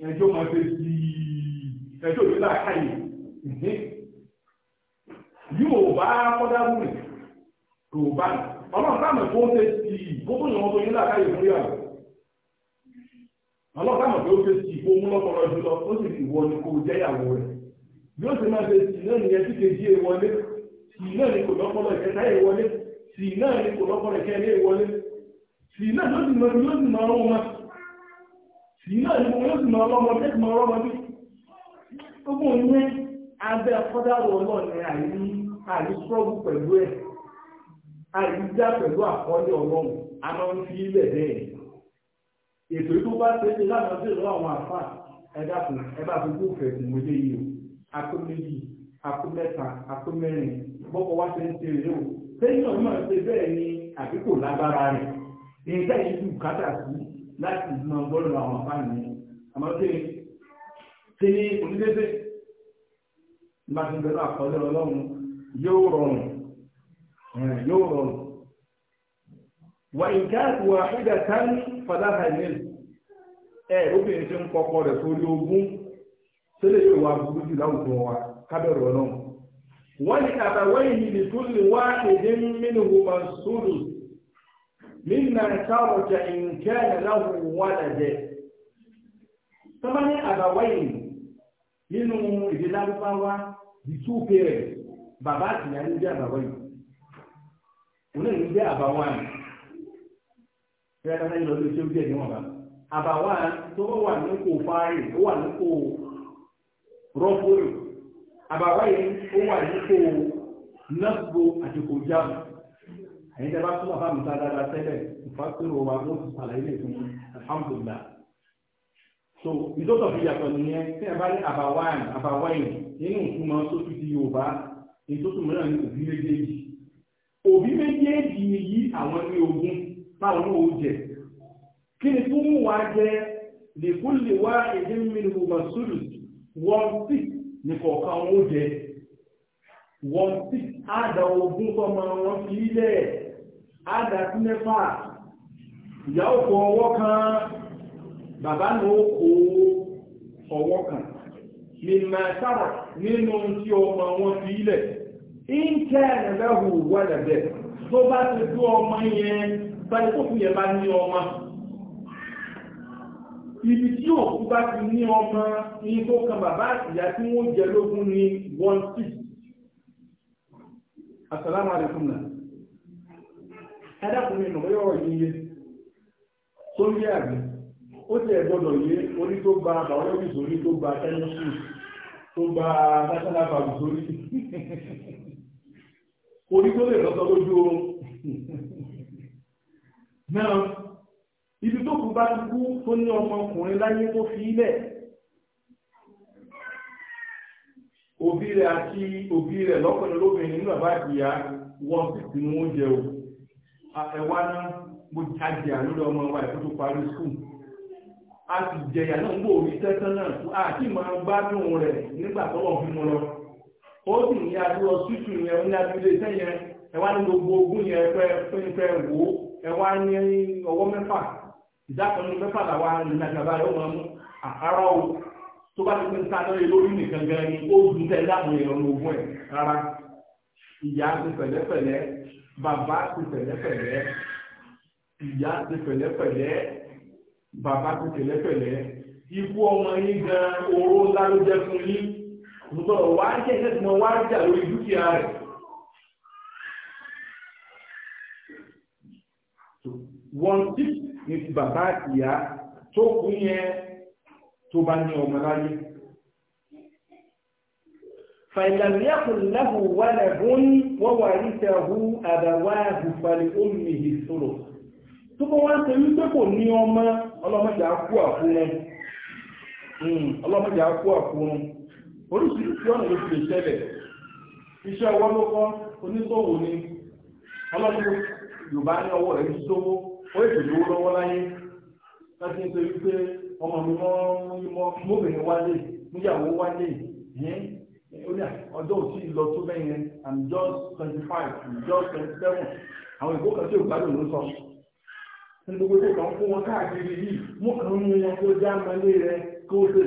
S2: ẹni máa ṣe sí ẹni tó ṣe láàká yóò bá kọ́dá mú rẹ̀ kò bá ọlọ́run sáàmù tó ṣe sí gbogbo ìwọ̀n tó yín láàká fún yàrá ọlọ́run sáàmù tó ṣe sí ìfowó mú lọ́kọ̀ọ́ jùlọ ó sì fi wọ ni kò jẹ́ ìyàwó rẹ̀ yóò ṣe máa ṣe sí náà nìyẹn sì náà ni kò lọ́pọ̀lọ́ ìkẹta yìí wọlé sì náà ni kò lọ́pọ̀lọ́ ìkẹta yìí wọlé sì náà ló sì mọ yóò sì mọ ọrọ̀ wọn sì náà ni yóò sì mọ ọlọ́mọ bí mọ ọrọ̀ wọn bí gbogbo ìwé abẹ́ afọ́dárò ọlọ́ọ̀ni àìní àìní sọ́ọ̀bù pẹ̀lú ẹ̀ àìní já pẹ̀lú àkọọ́lẹ̀ ọlọ́run a máa ń fi ilẹ̀ bẹ́ẹ̀ ètò tó bá tẹ́lẹ̀ lánàá sí ìlú àwọn àfà ẹ̀dá fún ẹ bá fi kú fẹ̀sùn wọlé yìí akó mẹ́ta akó mẹ́rin bọ́kọ wá ṣe ń ṣe rèé o sẹ́yìn náà máa ṣe bẹ́ẹ̀ ni àbí kò lágbára rẹ̀ nígbà yìí dùn kátà sí láti mọ bọ́ọ̀lù àwọn afáàní yẹn àmọ́ ṣe ṣe ní onídébé máa ti bẹ̀rẹ̀ àkọọ́lẹ̀ ọlọ́run yóò rọrùn yóò rọrùn wàyíká wà ìdá kan fàdáhà nílùú ẹ̀ obìnrin ti ń kọ́kọ́ rẹ̀ sórí ogún sílẹ̀ yóò wá burú jù láwùjọ wa kábẹ̀rù ọlọ́run wọ́n ní àbàwẹ́yìn ní kúlù wá èdè nínú mọ̀súrù nínú ìtàwọ̀jà ìǹkẹ́ ìlàwọ̀ wà lẹ́jẹ̀ tó bá ní àbàwẹ́yìn nínú èdè lárúbáwá the two parents bàbá àtìyá ní jẹ́ àbàwẹ́yìn òun ní jẹ́ àbàwáyìn fẹ́ dáná yìí lọ sí ojú ẹ̀ bá àbàwáyìn tó wà ní kò fáyìn wà ní kò rọ́fórì àbàbá yìí ó wà nípò nọ́ọ̀bù àti kò jáàmù ẹ̀yin tẹ́ bá tún bàbá mi dáadáa tẹ́lẹ̀ ìfàkúrò wa ló ti sàlàyé lè fún alhamdulillah so ìdótọ̀ fi yàtọ̀ nìyẹn tí ẹ bá ní àbàwáyìn àbàwáyìn nínú ìtumọ̀ tó ti di Yorùbá ìtótó mìíràn ní òbí méjèèjì òbí méjèèjì yìí àwọn ní ogún táwọn náà ó jẹ kí ni fún wa jẹ lèkúlèwà ìdí mímu masuru one six ní kọ̀ọ̀kan wọn ó jẹ wọ́n tí àdá ogún sọmọ wọn fi ilẹ̀ àdá sí mẹ́fà ìyá òkú ọwọ́ kan bàbá ní ó kó ọwọ́ kan mímọ̀ sára nínú tí ọmọ wọn fi ilẹ̀ ìǹkẹ́ ẹ̀rẹ̀lẹ́hù wọ́lẹ̀bẹ̀ tó bá ti tó ọmọ yẹn bá ní ọmọ ibi tí òkú bá ti ní ọmọ ní tó kan bàbá àtìyá tí wọ́n jẹ lógún ní one six asalaamu alaykum na ẹ dákun mi nù bóyá ọ̀rọ̀ yìí yé tó ń yé àgbẹ̀ ó ti ẹ̀ gbọ́dọ̀ yé orí tó gba biology sórí tó gba chemistry tó gba national bank sórí orí tó lè lọ́sọ lójú oorun ibi tó kù bá ti kú tó ní ọmọkùnrin láyé tó fi ilẹ̀ òbí rẹ̀ àti òbí rẹ̀ lọ́kùnrin lóbìnrin nínú àbá ìyá wọ́n sì ti mú oúnjẹ o ẹ̀wá náà mo jáde àlórí ọmọ wa ìfún tó parí skul a sì jẹyà náà ń gbòòrí tẹ́tán náà fún àti máa gbádùn rẹ̀ nígbà tọ́wọ́ fi mu lọ ó sì ní adúlọ tútù yẹn ní adúlé sẹ́yìn ẹ̀wá ní gbogbo ogún yẹn fẹ́ fẹ́ wò ó ní ọwọ́ mẹ́fà ìdákanú mẹ́fà làwọn arìnrìn àti bàbá rẹ̀ ó máa mú àkárọ̀ o tó bá ti pín sáré lórí nìkan gan ni ó dùn tẹ́ láwọn èèyàn ní ogún ẹ̀ rárá ìyá ti pẹ̀lẹ́pẹ̀lẹ́ bàbá ti pẹ̀lẹ́pẹ̀lẹ́ ìyá ti pẹ̀lẹ́pẹ̀lẹ́ bàbá ti pẹ̀lẹ́pẹ̀lẹ́ ikú ọmọ yín gan oró ńlá ló jẹ́ fún yín ṣùgbọ́n wá jẹ́ ìṣẹ́sìn náà wá jà lórí dúkìá rẹ̀. one six ní ti bàbá ìyá tó kú yẹn tó bá ní ọmọ láyé فإن يكن له ولد وورثه أبواه فلأمه الثلث tó bọ́ wá ń tẹ wípé kò ní ọmọ ọlọ́mọdé akú àkúrún hmm, ọlọ́mọdé akú àkúrún oríṣiríṣi ọ̀nà ló fi lè ṣẹlẹ̀ iṣẹ́ ọwọ́ ló kọ́ oníṣòwò ni ọlọ́mọdé yorùbá ní ọwọ́ rẹ̀ ń ṣòwò ó ètò ìlú lọ́wọ́ láyé láti ń torí pé ọmọ mi mọ́ mọ́ mọ́bìnrin wálé níyàwó wálé yẹn ọjọ́ òsì lọ tó bẹ́ẹ̀ yẹn i'm just twenty five i'm just twenty seven àwọn ìkó kan tí ò gbádùn ló sọ ní gbogbo tó kàn fún wọn káàkiri yìí mú kàn mú wọn kó já mọ́lé rẹ kó dé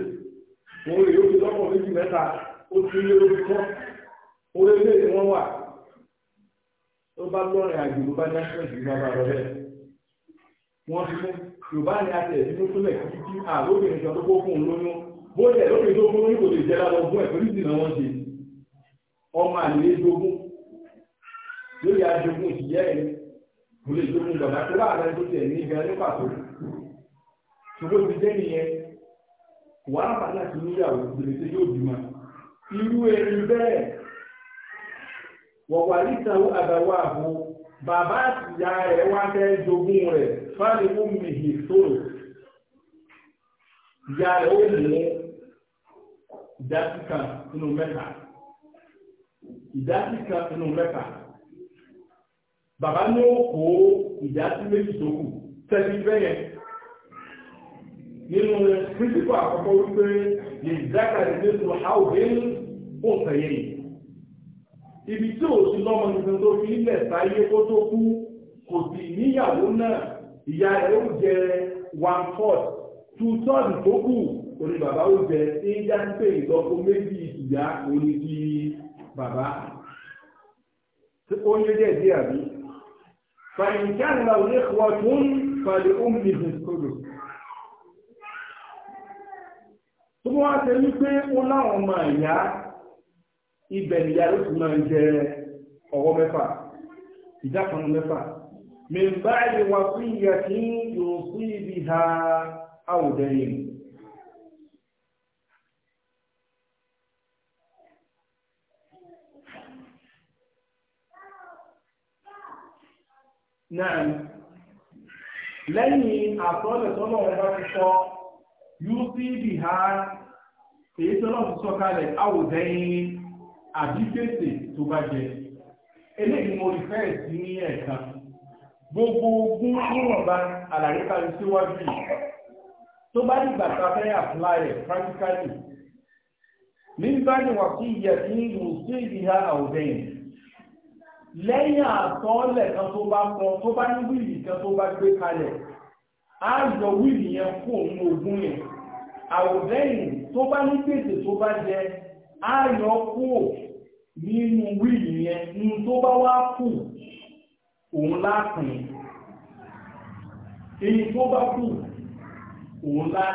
S2: òun rèé ó ti lọ́kọ̀ méjì mẹ́ta ó ti lé orí kọ́ orí ilé wọn wà tó bá lọ́rin àjò ló bá dá sí ìgbà bàbá rẹ wọ́n ti fún yorùbá ní àti ẹ̀sìn tó tún lẹ̀ kí kí àlóbìnrin kan tó kó fún un lóyún bóyá lóbìnrin tó fún lóyún kò lè jẹ́ lálọ́ ogún ẹ̀ pẹ̀lú ìdìnnà wọn ṣe ọmọ àlè jogún lórí ajogún ìyá ẹ̀ kò lè jogún gbọ̀dá tó láàárẹ̀ tó tẹ̀ ní ìgbà ní pàtó ṣùgbọ́n ti jẹ́ nìyẹn wàhálà pàtàkì níyàwó gbèrèsè yóò bímọ irú ẹni bẹ́ẹ̀ wọ̀wà nítorí àbáwá àbò bàbá àtìyá rẹ̀ wá fẹ́ jogún rẹ̀ fáwọn ìwọ mìhì sóró ìyá rẹ̀ ó mú ìdásí kan nínú mẹ́ta ìdásí kan nínú mẹ́ta bàbá ní ó kó ìdásí méjì tó kù tẹ́lí bẹ́yẹn nínú pírísìpọ̀ àkọ́kọ́ wípé lè zákàrí nínú àwọn òbí ń pọ̀ yìí ibi tí ò sí lọ́mọ nìkan tó fi ilẹ̀ sáyé kó tó kú kò sì níyàwó náà ìyá rẹ̀ ó jẹ one fourth two third tó kù òní bàbá ó jẹ ní yáńpé ìlọ́po méjì ìyá òní ti bàbá ó yé díẹ̀ díẹ̀ àbí fàyìnkí àgbà òní ìwà tó ń fàlẹ̀ ó ń bì wá ṣe wípé ó láwọn ọmọ ìyá ibẹ̀ nìyá ló tún máa ń jẹ ọwọ́ mẹ́fà ìdá kan mẹ́fà mẹ́mbà yìí wà fún ìyá tí yóò fún ibi ha
S1: àwòdẹ́yìn náà lẹ́yìn àtọ́lẹ̀ tọ́lọ̀ ọba ti sọ
S2: yóò ha èyí tọ́lọ̀ ti sọ kalẹ̀ àwòdẹ́yìn àbí gbèsè tó bá jẹ eléyìí mo rí fẹ́ẹ̀ sí ní ẹ̀ka gbogbo ogún níwọ̀nba àlàyé kan síwájú yìí tó bá dìgbà tá a fẹ́ apply ẹ̀ practically nígbà ni wà fún ìyẹ̀ tí ń lò sí ìhà àwòdẹ́yìn lẹ́yìn àtọ́ọ̀lẹ̀ kan tó bá kọ tó bá ní wíìlì kan tó bá gbé kalẹ̀ á yọ wíìlì yẹn fún òun ogún yẹn àwòdẹ́yìn tó bá ní gbèsè tó bá jẹ á yọ kúrò nínú wíìlì yẹn ní tó bá wá kù òun lápìn èyí tó bá kù òun bàbá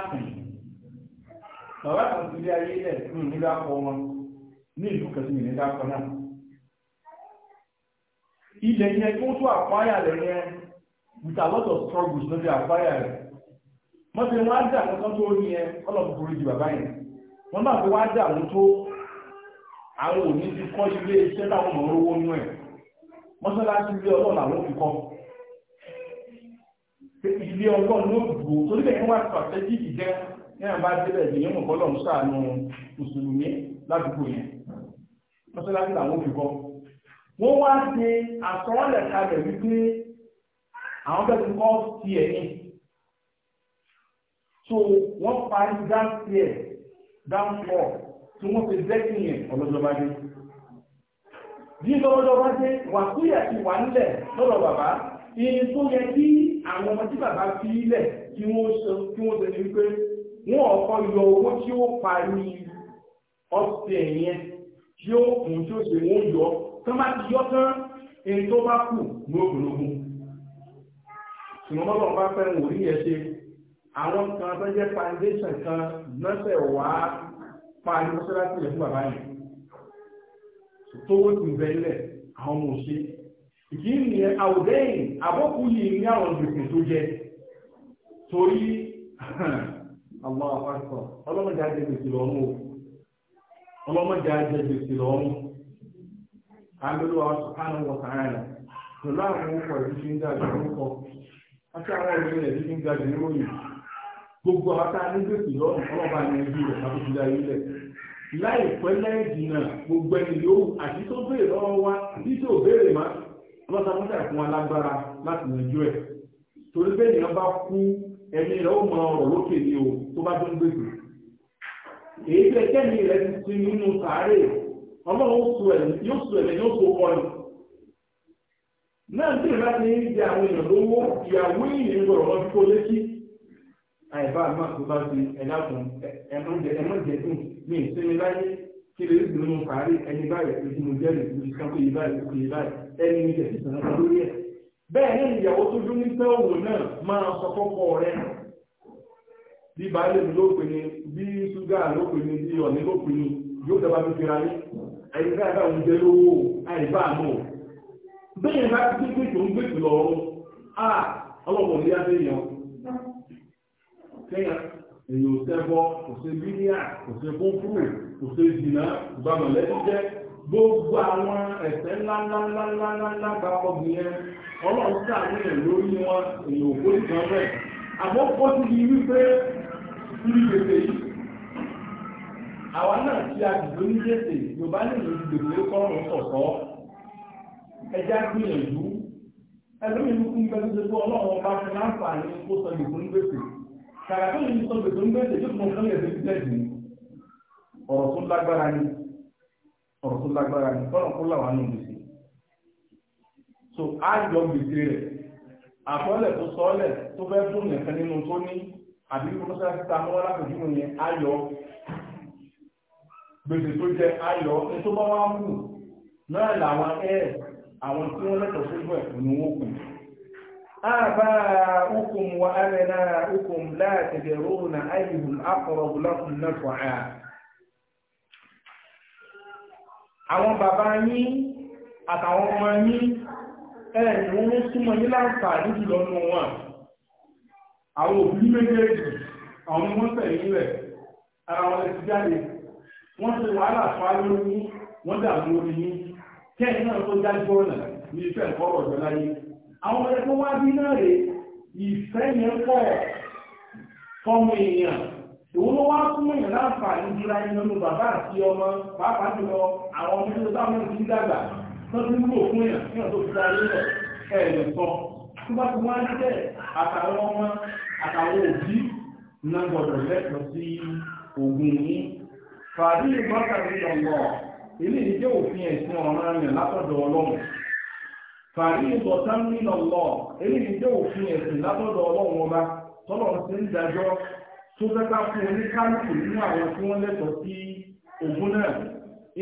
S2: kan ti rí ayé lẹ̀ fún ìnílá kọ wọn ní ìlú kan sí ìnílá náà ilẹ̀ yẹn tó tó àpáyà a lot of struggles lórí àpáyà rẹ̀ wọ́n ti wá dà wọ́n tó rí yẹn ọlọ́pùpù rí ju bàbá yẹn wọ́n náà fi wá dà àwọn òní ti kọ́ ilé iṣẹ́ láwọn ọmọ orówó nú ẹ̀ mọ́sálásí ilé ọlọ́run àwọn ti kọ́ ilé ọlọ́run ló dùn ó torí bẹ́ẹ̀ wá pàṣẹ jí ìjẹ́ ní àbá débẹ̀ ní yẹn mọ̀kọ́ lọ́run ṣàánú mùsùlùmí ládùúgbò yẹn mọ́sálásí làwọn fi kọ́ wọ́n wá ṣe àsọ̀rọ̀lẹ̀ kalẹ̀ wípé àwọn bẹ́ẹ̀ ti kọ́ tiẹ̀ ní so wọ́n parí dáńtì ẹ̀ dáńtì ọ̀ tí wọ́n fi bẹ́ẹ̀kì yẹn ọlọ́jọba dé bí lọ́wọ́lọ́wọ́ dé wà tó yà ti wà nílẹ̀ lọ́dọ̀ bàbá iye tó yẹ kí àwọn ọmọ tí bàbá fi ilẹ̀ kí wọ́n ṣe ní wípé wọ́n ọkọ̀ yọ owó tí ó parí ọ̀sẹ̀ yẹn tí ó kùn tí ó ṣe wọ́n yọ tán bá ti yọ tán èyí tó bá kù lóògùnlógún ṣùgbọ́n bọ́lọ̀ bá fẹ́ràn òrí yẹn ṣe àwọn kan tó jẹ́ foundation kan lọ́sẹ̀ wàá parí mọ́ṣáláṣí rẹ̀ fún bàbá yẹn tówó tún bẹ ilẹ̀ àwọn ọmọ òṣè ni àwòdẹ́yìn àbọ́kù yìí ní àwọn gbèsè tó jẹ torí àwọn àpapọ̀ ọlọ́mọdé ajẹ́ gbèsè lọ́mú ọlọ́mọdé ajẹ́ gbèsè lọ́mú àmìlò àwọn wọ̀tàrà pẹ̀lú àwọn ọkọ̀ ìdíjí ń dájú orúkọ àti àwọn ń gbogbo àwọn tá a ní gbèsè lọ́rùn ọlọ́ba láìpẹ́ lẹ́ẹ̀dìnà gbogbo ẹni yóò àti tó béèrè lọ́wọ́ wa àti tó béèrè má lọ́sàmọ́sà fún alágbára láti yanjú ẹ̀ torí bẹ́ẹ̀ ni bá kú ẹni rẹ̀ ó mọ ọ̀rọ̀ lókè ni o tó bá tó ń gbèsè èyí tẹ kẹ́mi rẹ̀ ti ti nínú sàárè ọlọ́run yóò sọ ẹ̀mẹ́ yóò sọ ọ̀rọ̀ náà tí ìrìnà ti ń di àwọn èèyàn lówó ìyàwó èèyàn gbọ̀rọ̀ lọ́dún tó létí àìbá àmọ́ àkókò bá ti ẹ̀dá kan ẹ̀mọ́ jẹ́ ẹ̀mọ́ jẹ́ fún un mi ì sinmi láyé kí lè rí ìdùnnú parí ẹni báyìí ojú mo jẹ́ ìlú ìkápẹ́ yìí báyìí kókò yìí báyìí ẹni mi jẹ̀ sísan náà lórí ẹ̀. bẹ́ẹ̀ ní ìyàwó tó dún ní pé òun náà máa sọ fọ́kọ rẹ̀ bí baálé mi ló pè ní bí ṣúgà ló pè ní bí ọ̀nì ló pè ní yóò dábàá fi fira ní ẹni báyìí báyìí oúnjẹ lówó àìbá àmọ́ bẹ́ẹ̀ bá ti gbé tó ń gbé tó lọ́rùn ah, èyí ò sẹ́bọ́ kò ṣe bíníà kò ṣe kúnkúrù kò ṣe jìnnà gbàmọ̀lẹ́bí jẹ́ gbogbo àwọn ẹ̀ṣẹ̀ ńláńláńláńláńlá papọ̀ nìyẹn ọlọ́run sàmúlẹ̀ lórí wọn èyí ò kó ìtàn rẹ̀ àmọ́ kọ́ sí ibi wípé ibi gbèsè yìí àwa náà ti àdìgbò ní gbèsè yorùbá lè lè gbèsè kọ́rùn sọ̀tọ̀ ẹja gbìyànjú ẹlòmínú kún bẹ́ẹ̀ tó ṣe pé ọlọ́run ọba ti láǹfààní kó sọ ìgbò ní gbèsè kàrà tó yìí sọ gbèsè ń gbèsè yóò mọ fún ẹ̀sìn tẹ́sì ni ọ̀rọ̀ tó lágbára ni ọ̀rọ̀ tó lágbára ni ọ̀rọ̀ tó làwọn ní gbèsè so á yọ gbèsè rẹ̀ àkọọ́lẹ̀ tó sọ́ọ́lẹ̀ tó fẹ́ fún nìkan nínú tó ní àbí kí wọ́n sáré ta mọ́ lápòjúmọ̀ yẹn á yọ gbèsè tó jẹ ayọ̀ ètò bá wá mú náà làwọn ẹ̀ àwọn tí wọ́n lẹ́tọ̀ọ́ sójú ẹ̀ ní wọ́n kù آباؤكم وأبناؤكم لا تدرون أيهم أقرب لكم نفعا àwọn bàbá yín àtàwọn ọmọ yín ẹ̀yìn wọn ló súnmọ́ yín láǹfààní jùlọ nù wọn àwọn òbí méjèèjì àwọn ni wọ́n tẹ̀lé nílẹ̀ ara wọn lè ti jáde wọ́n ṣe wàhálà fún alóyún wọ́n dàbí orí yín kẹ́yìn náà tó dájú ọ̀nà ní ìfẹ́ ẹ̀kọ́ ọ̀rọ̀ láyé àwọn ọmọdé tó wá bí náà rè ìfẹ́ yẹn pọ̀ fọmọ èèyàn ìwọ́n ló wá fún èèyàn láǹfààní ìdíra ìyọnu bàbá àti ọmọ pàápàá jùlọ àwọn ọmọdé tó táwọn ti ń dàgbà tó ti ń lò fún èèyàn ní ọ̀tọ̀ ìdíra ìyọnu ẹ̀rẹ̀ sọ tó bá ti wá níbẹ̀ àtàwọn fàáyé ìbọ̀tá nínú ọ̀lọ́ eléyìí jẹ́ òfin ẹ̀sìn látọ̀dọ̀ ọlọ́run ọba tọ́lọ̀ ṣe ń dájọ́ tó fẹ́ká fún oníkálùkù nínú àwọn tí wọ́n lẹ́tọ̀ọ́ sí ògùn náà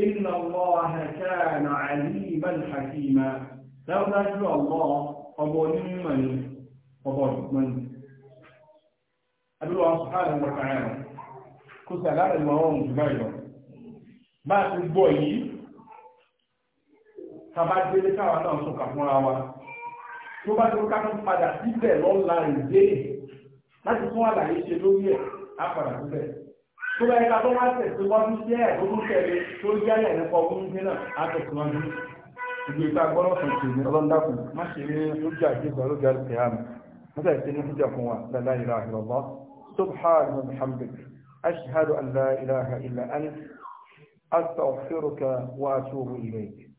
S2: inna Allaha kana aliman hakima dáwọ́dájú ọ̀lọ́ ọba onímọ̀ ni ọba ọ̀dùnkún ni. adúlọ̀ subhanahu wa ta'ala kó sì àlàyé ìmọ̀ tàbá délé káwa náà sọ̀kà fúnra wa tó bá tó ká tún padà síbẹ̀ lọ́la ìdé láti fún àlàyé ṣe lórí ẹ̀ á padà síbẹ̀ tó bá yẹ ká tó wá tẹ̀síwájú sí ẹ̀ tó tún tẹ̀lé tó yá ẹ̀ nípa ọdún ní náà á tẹ̀síwájú ìgbé ta gbọ́dọ̀ sùn sí ní ọlọ́ndàkùn má ṣe ní lójú àti ìgbà lójú àti àmì mọ́tà ìsinmi fújà fún wa lálá ìlà àhìrọ̀lọ́ subhanahu wa bihamdik ashhadu ilaha illa anta astaghfiruka wa atubu ilayk